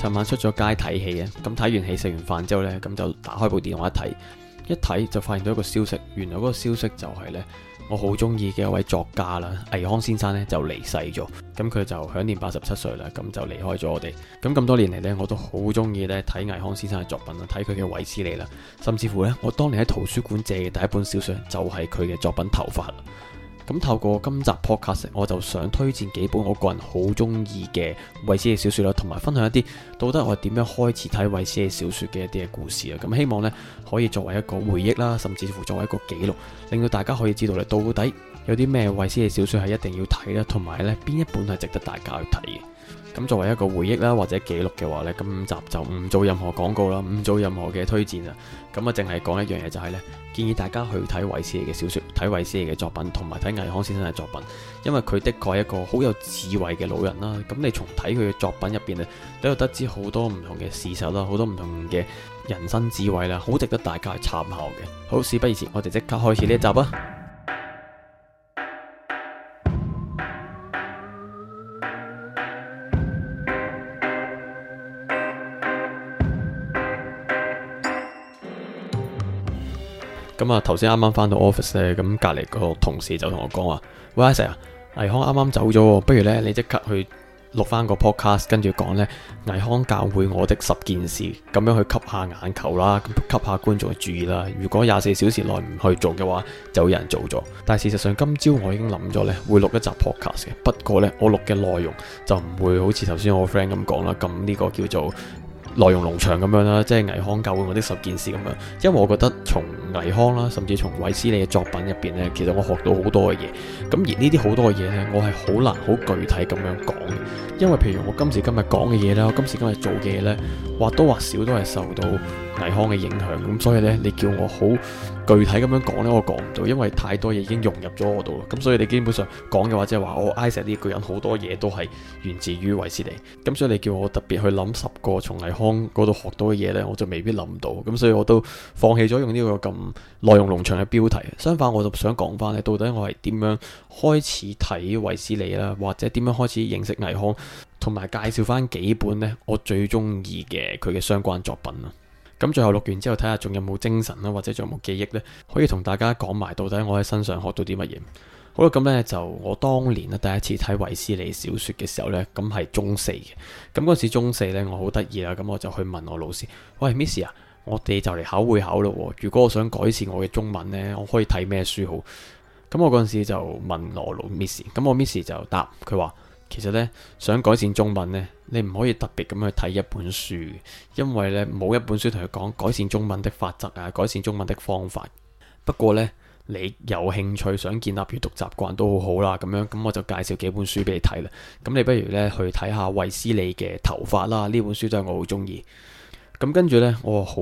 尋晚出咗街睇戲嘅，咁睇完戲食完飯之後呢，咁就打開部電話一睇，一睇就發現到一個消息，原來嗰個消息就係、是、呢：我好中意嘅一位作家啦，倪匡先生呢，就離世咗。咁佢就享年八十七歲啦，咁就離開咗我哋。咁咁多年嚟呢，我都好中意呢睇倪匡先生嘅作品啦，睇佢嘅《衛斯理》啦，甚至乎呢，我當年喺圖書館借嘅第一本小說就係佢嘅作品頭髮《頭髮》。咁透過今集 podcast，我就想推薦幾本我個人好中意嘅衛斯理小説啦，同埋分享一啲到底我係點樣開始睇衛斯理小説嘅一啲嘅故事啊！咁希望呢可以作為一個回憶啦，甚至乎作為一個記錄，令到大家可以知道咧，到底有啲咩衛斯理小説係一定要睇啦，同埋呢邊一本係值得大家去睇嘅。咁作為一個回憶啦，或者記錄嘅話呢，今集就唔做任何廣告啦，唔做任何嘅推薦啊，咁啊淨係講一樣嘢就係呢：建議大家去睇衛斯理嘅小説，睇衛斯理嘅作品，同埋睇倪匡先生嘅作品，因為佢的確係一個好有智慧嘅老人啦。咁你從睇佢嘅作品入邊呢都有得知好多唔同嘅事實啦，好多唔同嘅人生智慧啦，好值得大家去參考嘅。好，事不宜遲，我哋即刻開始呢一集啊！咁啊，頭先啱啱翻到 office 咧，咁隔籬個同事就同我講話：喂，阿 sir 啊，倪康啱啱走咗，不如咧你即刻去錄翻個 podcast，跟住講呢，倪康教會我的十件事，咁樣去吸下眼球啦，咁吸下觀眾嘅注意啦。如果廿四小時內唔去做嘅話，就有人做咗。但係事實上，今朝我已經諗咗呢，會錄一集 podcast 嘅。不過呢，我錄嘅內容就唔會好似頭先我 friend 咁講啦，咁呢個叫做。內容農場咁樣啦，即係倪匡教會我的十件事咁樣，因為我覺得從倪匡啦，甚至從衛斯理嘅作品入邊呢，其實我學到好多嘅嘢。咁而呢啲好多嘅嘢呢，我係好難好具體咁樣講嘅，因為譬如我今時今日講嘅嘢啦，我今時今日做嘅嘢呢，或多或少都係受到倪康嘅影響，咁所以呢，你叫我好具體咁樣講呢，我講唔到，因為太多嘢已經融入咗我度啦。咁所以你基本上講嘅話，即係話我 Isaac 呢個人好多嘢都係源自於維斯利。咁所以你叫我特別去諗十個從倪康嗰度學到嘅嘢呢，我就未必諗到。咁所以我都放棄咗用呢個咁內容農場嘅標題。相反，我就想講翻咧，到底我係點樣開始睇維斯利啦，或者點樣開始認識倪康，同埋介紹翻幾本呢我最中意嘅佢嘅相關作品啦。咁最後錄完之後，睇下仲有冇精神啦，或者仲有冇記憶呢，可以同大家講埋到底我喺身上學到啲乜嘢。好啦，咁呢就我當年啊第一次睇維斯利小説嘅時候呢，咁係中四嘅。咁嗰陣時中四呢，我好得意啦，咁我就去問我老師：喂 Miss 啊，我哋就嚟考會考啦。如果我想改善我嘅中文呢，我可以睇咩書好？咁我嗰陣時就問羅老 Miss，咁我 Miss 就答佢話。其實咧想改善中文咧，你唔可以特別咁去睇一本書，因為咧冇一本書同佢講改善中文的法則啊，改善中文的方法。不過咧，你有興趣想建立閱讀習慣都好好啦，咁樣咁我就介紹幾本書俾你睇啦。咁你不如咧去睇下衛斯理嘅頭髮啦，呢本書真係我好中意。咁跟住咧，我好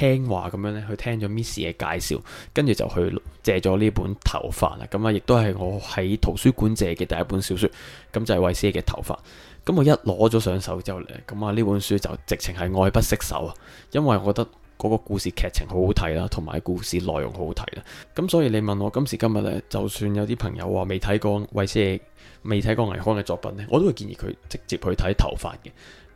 聽話咁樣咧，佢聽咗 Miss 嘅介紹，跟住就去借咗呢本《頭髮》啦。咁啊，亦都係我喺圖書館借嘅第一本小說。咁就係、是、衛斯嘅《頭髮》。咁我一攞咗上手之後咧，咁啊呢本書就直情係愛不釋手啊！因為我覺得嗰個故事劇情好好睇啦，同埋故事內容好好睇啦。咁所以你問我今時今日咧，就算有啲朋友話未睇過衛斯嘅、未睇過倪匡嘅作品咧，我都會建議佢直接去睇《頭髮》嘅。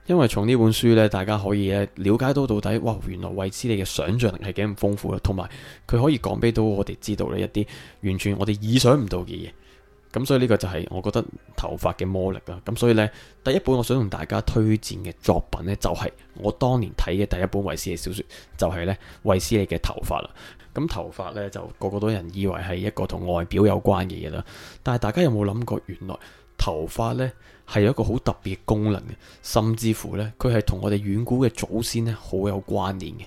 因為從呢本書咧，大家可以咧了解到到底，哇，原來衛斯理嘅想象力係幾咁豐富啦，同埋佢可以講俾到我哋知道呢一啲完全我哋意想唔到嘅嘢。咁所以呢個就係我覺得頭髮嘅魔力啦。咁所以呢，第一本我想同大家推薦嘅作品呢，就係我當年睇嘅第一本衛斯理小說，就係呢衛斯理嘅頭髮啦。咁頭髮呢，就個個都人以為係一個同外表有關嘅嘢啦，但係大家有冇諗過，原來？頭髮呢係有一個好特別嘅功能嘅，甚至乎呢，佢係同我哋遠古嘅祖先呢好有關聯嘅。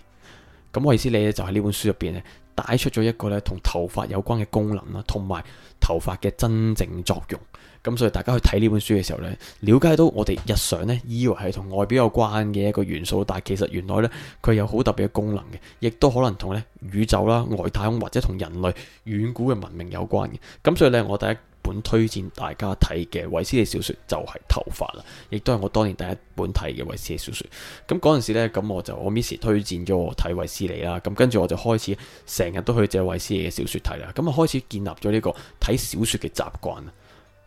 咁我意思你呢，就喺呢本書入邊呢，帶出咗一個咧同頭髮有關嘅功能啦，同埋頭髮嘅真正作用。咁所以大家去睇呢本書嘅時候呢，了解到我哋日常呢，以為係同外表有關嘅一個元素，但係其實原來呢，佢有好特別嘅功能嘅，亦都可能同呢宇宙啦、外太空或者同人類遠古嘅文明有關嘅。咁所以呢，我第一。本推薦大家睇嘅衛斯理小説就係《頭髮》啦，亦都係我當年第一本睇嘅衛斯理小説。咁嗰陣時呢，咁我就我 miss 推薦咗我睇衛斯理啦。咁跟住我就開始成日都去借衛斯理嘅小説睇啦。咁啊，開始建立咗呢個睇小説嘅習慣。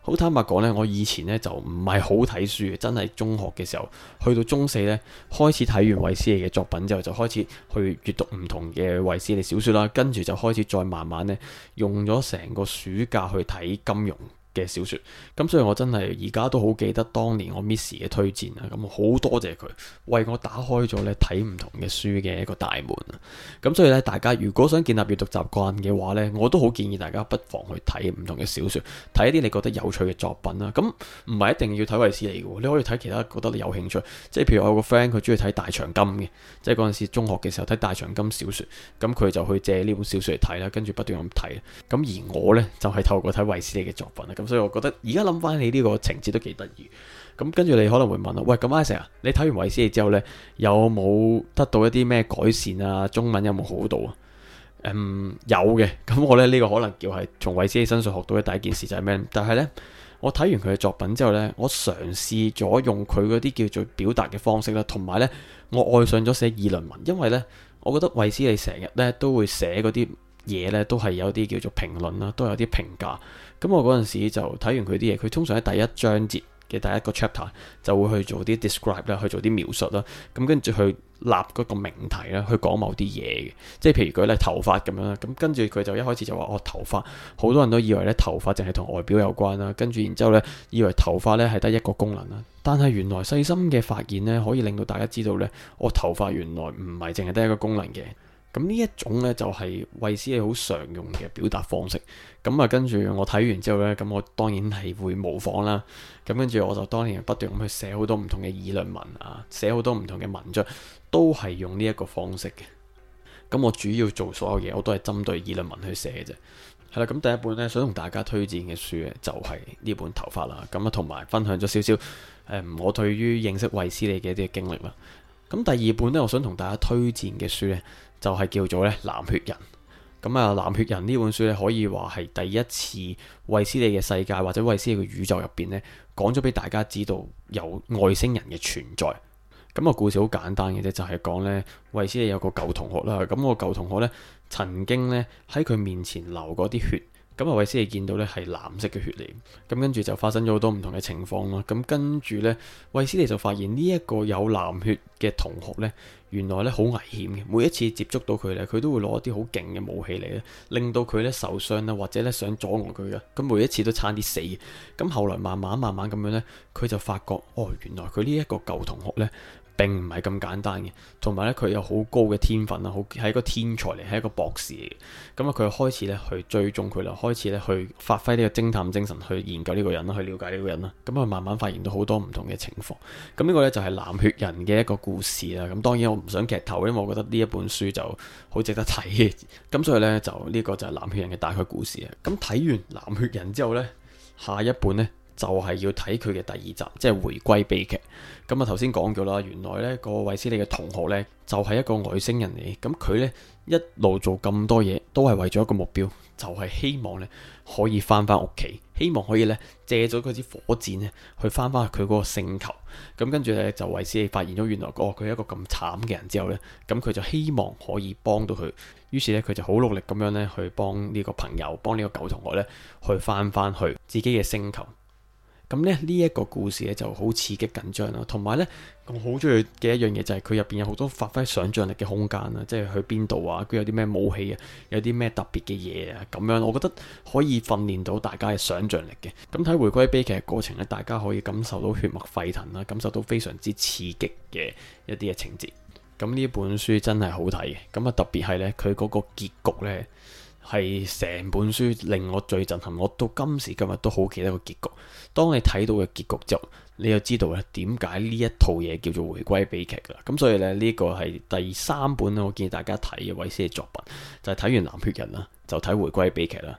好坦白講咧，我以前咧就唔係好睇書，真係中學嘅時候，去到中四咧，開始睇完衛斯理嘅作品之後，就開始去閲讀唔同嘅衛斯理小説啦，跟住就開始再慢慢咧用咗成個暑假去睇金融嘅小説，咁所以我真係而家都好記得當年我 miss 嘅推薦啊，咁好多謝佢為我打開咗咧睇唔同嘅書嘅一個大門啊，咁所以咧大家如果想建立閱讀習慣嘅話咧，我都好建議大家不妨去睇唔同嘅小説，睇一啲你覺得有趣嘅作品啦，咁唔係一定要睇衛斯理嘅，你可以睇其他覺得你有興趣，即係譬如我有個 friend 佢中意睇大長今嘅，即係嗰陣時中學嘅時候睇大長今小説，咁佢就去借呢本小説嚟睇啦，跟住不斷咁睇，咁而我咧就係、是、透過睇衛斯理嘅作品咁所以，我覺得而家諗翻起呢個情節都幾得意。咁跟住，你可能會問啦，喂，咁阿 Sir 啊，你睇完維斯你之後呢，有冇得到一啲咩改善啊？中文有冇好到啊？嗯，有嘅。咁我咧呢、呢個可能叫係從維斯你身上學到嘅第一件事就係咩？但係呢，我睇完佢嘅作品之後呢，我嘗試咗用佢嗰啲叫做表達嘅方式啦，同埋呢，我愛上咗寫議論文，因為呢，我覺得維斯你成日呢都會寫嗰啲。嘢咧都係有啲叫做評論啦，都有啲評價。咁我嗰陣時就睇完佢啲嘢，佢通常喺第一章節嘅第一個 chapter 就會去做啲 describe 啦，去做啲描述啦。咁跟住去立嗰個名題啦，去講某啲嘢嘅。即係譬如佢咧頭髮咁樣啦，咁跟住佢就一開始就話：我、哦、頭髮好多人都以為咧頭髮淨係同外表有關啦。跟住然之後咧，以為頭髮咧係得一個功能啦。但係原來細心嘅發現咧，可以令到大家知道咧，我、哦、頭髮原來唔係淨係得一個功能嘅。咁呢一種呢，就係衛斯理好常用嘅表達方式。咁啊，跟住我睇完之後呢，咁我當然係會模仿啦。咁跟住我就當然不斷咁去寫好多唔同嘅議論文啊，寫好多唔同嘅文章，都係用呢一個方式嘅。咁我主要做所有嘢，我都係針對議論文去寫嘅啫。係啦，咁第一本呢，想同大家推薦嘅書呢，就係呢本《頭髮》啦。咁啊，同埋分享咗少少誒，我對於認識衛斯理嘅一啲經歷啦。咁第二本呢，我想同大家推薦嘅書呢，就係叫做咧藍血人，咁啊藍血人呢本書咧可以話係第一次衛斯理嘅世界或者衛斯理嘅宇宙入邊咧講咗俾大家知道有外星人嘅存在。咁、嗯那個故事好簡單嘅啫，就係、是、講咧衛斯理有個舊同學啦，咁、那個舊同學咧曾經咧喺佢面前流過啲血。咁啊，衛斯理見到呢係藍色嘅血嚟，咁跟住就發生咗好多唔同嘅情況咯。咁跟住呢，衛斯理就發現呢一個有藍血嘅同學呢，原來呢好危險嘅。每一次接觸到佢呢，佢都會攞一啲好勁嘅武器嚟咧，令到佢呢受傷呀，或者呢想阻礙佢噶。咁每一次都差啲死。咁後，後來慢慢慢慢咁樣呢，佢就發覺哦，原來佢呢一個舊同學呢。」並唔係咁簡單嘅，同埋咧佢有好高嘅天分啦，好係一個天才嚟，係一個博士嚟嘅。咁啊，佢開始咧去追蹤佢，嚟開始咧去發揮呢個偵探精神，去研究呢個人啦，去了解呢個人啦。咁啊，慢慢發現到好多唔同嘅情況。咁呢個咧就係《藍血人》嘅一個故事啦。咁當然我唔想劇透，因為我覺得呢一本書就好值得睇。咁所以咧就呢個就係《藍血人》嘅大概故事啊。咁睇完《藍血人》之後咧，下一本咧。就係要睇佢嘅第二集，即係回歸悲劇。咁啊，頭先講咗啦，原來呢個衛斯理嘅同學呢，就係一個外星人嚟。咁佢呢一路做咁多嘢，都係為咗一個目標，就係希望呢可以翻翻屋企，希望可以呢借咗佢支火箭呢去翻翻佢嗰個星球。咁跟住呢，就衛斯理發現咗原來哦佢係一個咁慘嘅人之後呢，咁佢就希望可以幫到佢。於是呢，佢就好努力咁樣呢去幫呢個朋友，幫呢個舊同學呢去翻翻去自己嘅星球。咁咧呢一個故事咧就好刺激緊張啦，同埋呢，我好中意嘅一樣嘢就係佢入邊有好多發揮想象力嘅空間啦，即係去邊度啊，佢有啲咩武器啊，有啲咩特別嘅嘢啊咁樣，我覺得可以訓練到大家嘅想象力嘅。咁睇回歸悲劇嘅過程咧，大家可以感受到血脈沸騰啦，感受到非常之刺激嘅一啲嘅情節。咁呢本書真係好睇嘅，咁啊特別係呢，佢嗰個結局呢。係成本書令我最震撼，我到今時今日都好記得個結局。當你睇到嘅結局之後，你就知道咧點解呢一套嘢叫做回歸悲劇啦。咁所以咧呢個係第三本咧，我建議大家睇嘅衛斯理作品，就係、是、睇完《藍血人》啦，就睇《回歸悲劇》啦。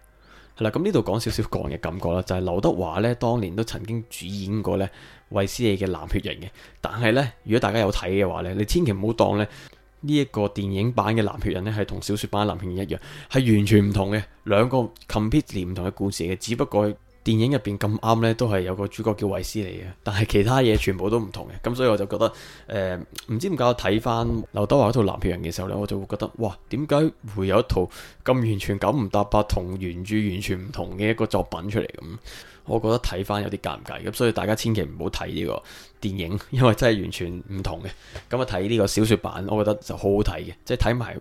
係啦，咁呢度講少少個人嘅感覺啦，就係、是、劉德華咧當年都曾經主演過咧衛斯理嘅《藍血人》嘅，但係咧如果大家有睇嘅話咧，你千祈唔好當咧。呢一個電影版嘅藍血人呢，係同小説版藍血人一樣，係完全唔同嘅兩個 completely 唔同嘅故事嘅，只不過。電影入邊咁啱呢，都係有個主角叫衛斯理嘅，但係其他嘢全部都唔同嘅，咁所以我就覺得，誒、呃、唔知點解我睇翻劉德華套《藍血人》嘅時候呢，我就會覺得，哇，點解會有一套咁完全九唔搭八同原著完全唔同嘅一個作品出嚟咁？我覺得睇翻有啲尷尬，咁所以大家千祈唔好睇呢個電影，因為真係完全唔同嘅。咁啊睇呢個小說版，我覺得就好好睇嘅，即係睇埋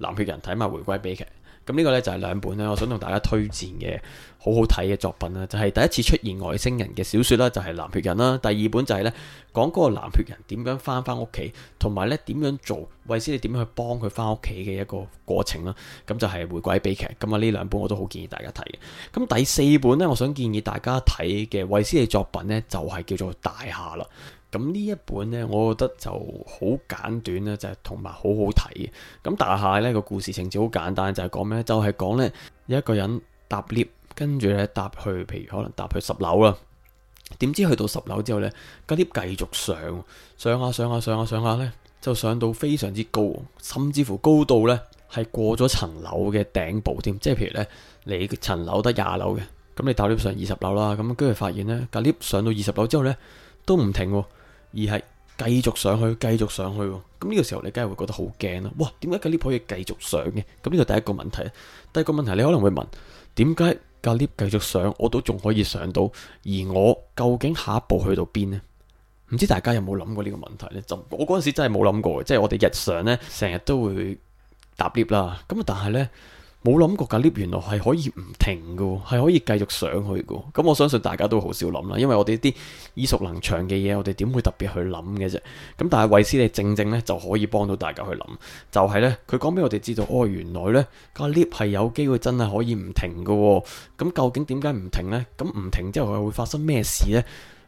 《藍血人》，睇埋《回歸悲劇》。咁呢個呢，就係兩本咧，我想同大家推薦嘅好好睇嘅作品啦，就係、是、第一次出現外星人嘅小說啦，就係、是、藍血人啦。第二本就係、是、呢講嗰個藍血人點樣翻翻屋企，同埋呢點樣做衛斯理點樣去幫佢翻屋企嘅一個過程啦。咁就係《回歸悲劇》。咁啊呢兩本我都好建議大家睇嘅。咁第四本呢，我想建議大家睇嘅衛斯理作品呢，就係叫做《大廈》啦。咁呢一本呢，我覺得就好簡短呢，就係同埋好好睇嘅。咁大廈呢個故事情節好簡單，就係、是、講咩？就係、是、講呢，有一個人搭 lift，跟住呢搭去，譬如可能搭去十樓啦。點知去到十樓之後呢，架 lift 繼續上，上下、啊、上下、啊、上下、啊、上下、啊、呢，就上到非常之高，甚至乎高度呢係過咗層樓嘅頂部添。即係譬如呢，你層樓得廿樓嘅，咁你搭 lift 上二十樓啦，咁跟住發現呢，架 lift 上到二十樓之後呢，都唔停喎。而係繼續上去，繼續上去喎。咁、這、呢個時候你梗係會覺得好驚啦。哇，點解個 lift 可以繼續上嘅？咁呢個第一個問題。第二個問題，你可能會問：點解個 lift 繼續上，我都仲可以上到，而我究竟下一步去到邊呢？唔知大家有冇諗過呢個問題呢？就我嗰陣時真係冇諗過，即係我哋日常呢，成日都會搭 lift 啦。咁但係呢……冇諗過個 lift 原來係可以唔停嘅，係可以繼續上去嘅。咁我相信大家都好少諗啦，因為我哋啲耳熟能詳嘅嘢，我哋點會特別去諗嘅啫。咁但係衛斯理，你正正呢，就可以幫到大家去諗，就係呢，佢講俾我哋知道，哦，原來呢個 lift 係有機會真係可以唔停嘅喎。咁究竟點解唔停呢？咁唔停之後佢會發生咩事呢？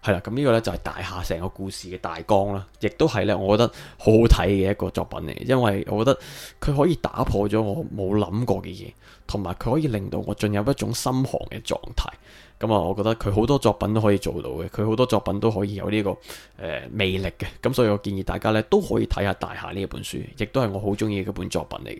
係啦，咁呢，嗯，這個呢就係大廈成個故事嘅大綱啦，亦都係呢，我覺得好好睇嘅一個作品嚟，因為我覺得佢可以打破咗我冇諗過嘅嘢，同埋佢可以令到我進入一種心寒嘅狀態。咁，嗯，啊，我覺得佢好多作品都可以做到嘅，佢好多作品都可以有呢，這個誒，呃，魅力嘅。咁，嗯，所以我建議大家呢，都可以睇下大廈呢一本書，亦都係我好中意嘅本作品嚟。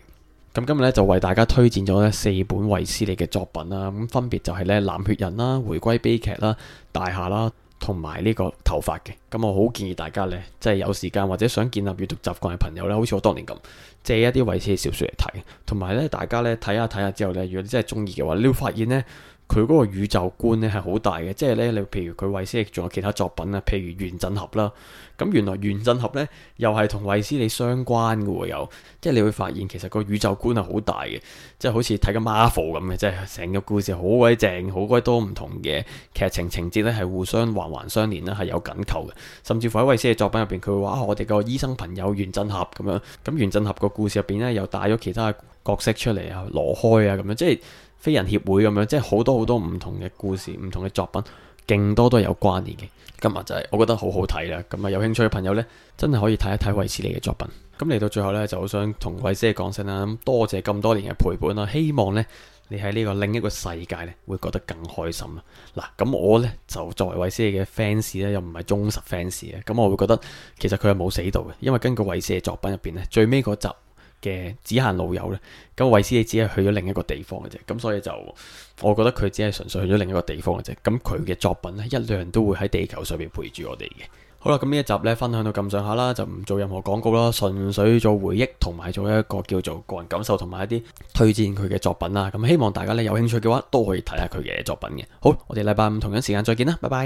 咁，嗯，今日呢，就為大家推薦咗呢四本衛斯理嘅作品啊，咁，嗯，分別就係呢，《藍血人》啦，《回歸悲劇》啦，《大廈》啦。同埋呢個頭髮嘅，咁我好建議大家呢，即係有時間或者想建立閲讀習慣嘅朋友呢，好似我當年咁，借一啲維斯嘅小説嚟睇，同埋呢，大家呢睇下睇下之後呢，如果你真係中意嘅話，你會發現呢。佢嗰個宇宙觀咧係好大嘅，即係咧你譬如佢衛斯理仲有其他作品啊，譬如《原振俠》啦，咁原來《原振俠》咧又係同衛斯理相關嘅喎，又即係你會發現其實個宇宙觀係好大嘅，即係好似睇緊 Marvel 咁嘅，即係成個故事好鬼正，好鬼多唔同嘅劇情情節咧係互相環環相連啦，係有緊扣嘅。甚至乎喺衛斯理作品入邊，佢會話、啊、我哋個醫生朋友原振俠咁樣，咁原振俠個故事入邊咧又帶咗其他角色出嚟啊，羅開啊咁樣，即係。非人協會咁樣，即係好多好多唔同嘅故事，唔同嘅作品，勁多都係有關聯嘅。今日就係、是、我覺得好好睇啦，咁啊有興趣嘅朋友呢，真係可以睇一睇衛斯理嘅作品。咁嚟到最後呢，就好想同衛斯理講聲啦，咁多謝咁多年嘅陪伴啦，希望呢，你喺呢個另一個世界呢，會覺得更開心啦。嗱，咁我呢，就作為衛斯理嘅 fans 咧，又唔係忠實 fans 嘅，咁我會覺得其實佢係冇死到嘅，因為根據衛斯理作品入邊呢，最尾嗰集。嘅只限老友呢，咁維斯你只係去咗另一個地方嘅啫，咁所以就我覺得佢只係純粹去咗另一個地方嘅啫。咁佢嘅作品呢，一樣都會喺地球上面陪住我哋嘅。好啦，咁呢一集呢，分享到咁上下啦，就唔做任何廣告啦，純粹做回憶同埋做一個叫做個人感受同埋一啲推薦佢嘅作品啦。咁希望大家呢，有興趣嘅話都可以睇下佢嘅作品嘅。好，我哋禮拜五同樣時間再見啦，拜拜。